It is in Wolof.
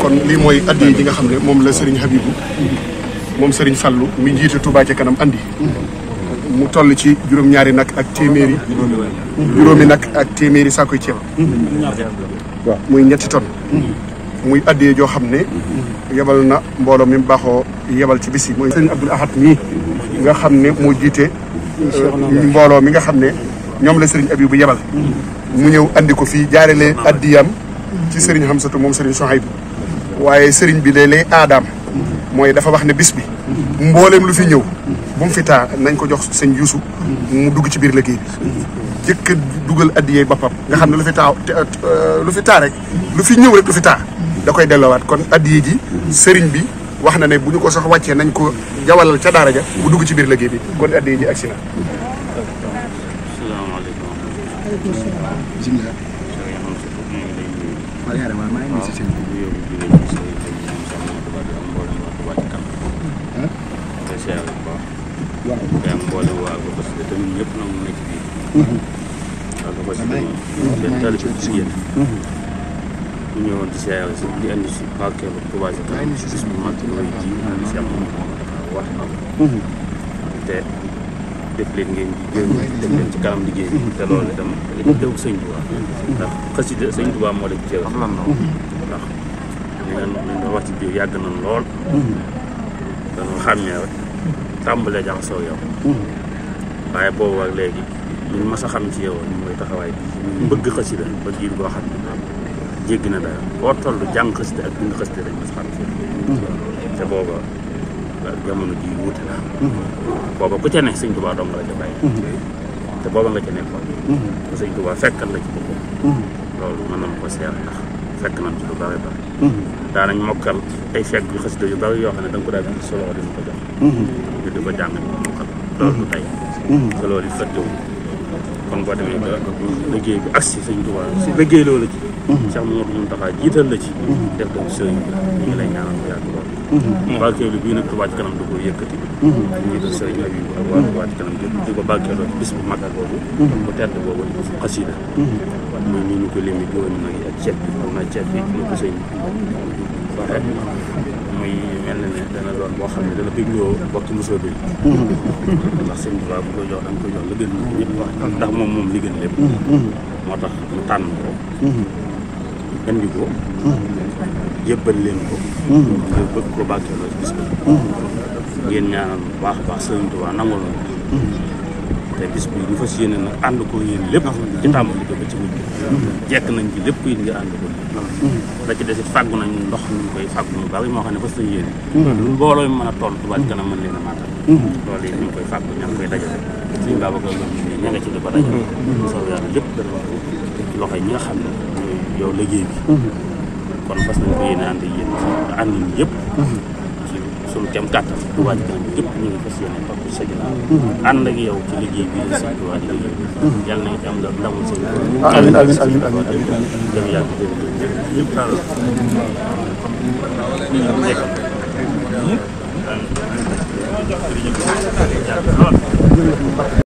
kon lii mooy addi yi nga xam ne moom la Serigne Habibou moom Serigne Fallou mu jiite Touba ca kanam andi mu toll ci juróom-ñaari nag ak téeméeri juróomi nag ak téeméeri saakoy ceeb muy ñetti ton muy addee joo xam ne yebal na mbooloo mi baaxoo yebal ci bis yi mooy Serigne Abdoul Ahad mii nga xam ne moo jiite euh, mbooloo mi nga xam ne ñoom la Serigne Habibou yebal mu ñëw indi ko fii jaarale addiyam ci Serigne Hamsatu moom Serigne Sohaybu waaye Serigne bi léeg aadaam mooy dafa wax ne bis bi mbooleem lu fi ñëw bu mu fi taa nañ ko jox sëñ Yuusu mu dugg ci biir liggéey bi jëkk dugal addiyee boppam nga xam ne lu fi taa euh, lu fi taa rek lu fi ñëw rek lu fi taa da koy dellowaat kon addiyee ji sëriñ bi wax na ne bu ñu ko sax wàccee nañ ko jawalal ca daara ja mu dugg ci biir liggéey bi kon addiyee ji agsi na yaakaar waaye maa ngi nuyu si seen bi. waaw day am mboolem waa ko parce que tamit ñëpp ñoom nekk fii. waaw ko parce que ñoom daal ci si yéen. ñu ñëwoon ci seeyal si di andi si pàkkee ba Touba si kanam. bis bu mag looy ji si am wax am. te def leen ngeen di jëriñ def ci kanam liggéey bi te loolu itam dañuy dëw sëñ Tuubaa ndax xasida sëñ Tuubaa moo leen jëw ndax ñu nga wax ci biir yàgg na lool danga xàmmee rek tàmbalee jaxasoo yow waaye boobu ak léegi ñu mas a xam ci yow ñu mooy taxawaay bi bëgg xasida ba jiir boo xam ne jéggi na dara koo toll jàng xasida ak bind xasida dañ mas a xam ci yow te booba jamono ji wuute na mhm. booba ku ca ne sëñ Tuubaa dong la ca bàyyi mhm. te booba nga ca nekkoon bu mhm. sëñ Tuubaa fekkal la ci boppam loolu mën nañ ko seet ndax fekk nañ ci lu bare bare daanañ mokkal ay fekk yu xasida yu bare yoo xam ne da nga ko daal di solo di ko jox ñu di ko jàng di ko loolu du tey te loolu fëttewu xam boo demee ba liggéey bi agsi sëñ Tuubaa si loolu ci mhm. Cheikh Mamadou Mountakha jiital la ci mhm. def ko sëriñ bi ñu ngi lay ñaanal bu yàgg lool mhm. barkeelu bii nag Tuubaa kanam da ko yëkkati jiital sëriñ bi ak waa Tuubaa ci kanam di ko barkeeloo ci bis bu mag ak boobu bu tedd boobu di bisu xasida ñu ñu ko limi juróomi nag ak ceeb bi xam naa ceeb bi ñu ko sëñ ba ren muy mel na ne dana doon boo xam ne dana bégloo bokki mosoo bi ndax sëñ bi bu ko jox da ko jox la gën ñëpp wax ndax moom moom li gën moo tax mu tànn ko indi ko jébbal leen ko ngir bëgg ko bàkkeeloo ci bis bi ngeen ñaanal baax a baax sëriñ Tuubaa nangul te bis bi ñu fas yéene nag ànd ko yéen lépp ci tàmbali ko ci mujj jekk nañ ci lépp yi ngir ànd ko ñu koy fàggu ñu moo xam ne fas nañ yéene lu mbooloo mi mën a toll Touba Ca Kanam mën leen a maatal loolu yi ñu koy fàggu ña ngi koy dajale suñu Babacar ña nga ci di dajale soo yàlla lépp loxo yi ñi nga xam ne ñooy yow liggéey bi kon fas nañ ko yéene ànd yéen ànd yëpp suñu kem kàttan Touba Ca Kanam képp ñu ngi fas yéene topp sa ginnaaw mm-hmm. ànd ak yow ci liggéey bi la sëñ Touba di liggéey yàlla na nga ci am ndam ndamul sëñ amiin amiin amiin amiin dem yàgg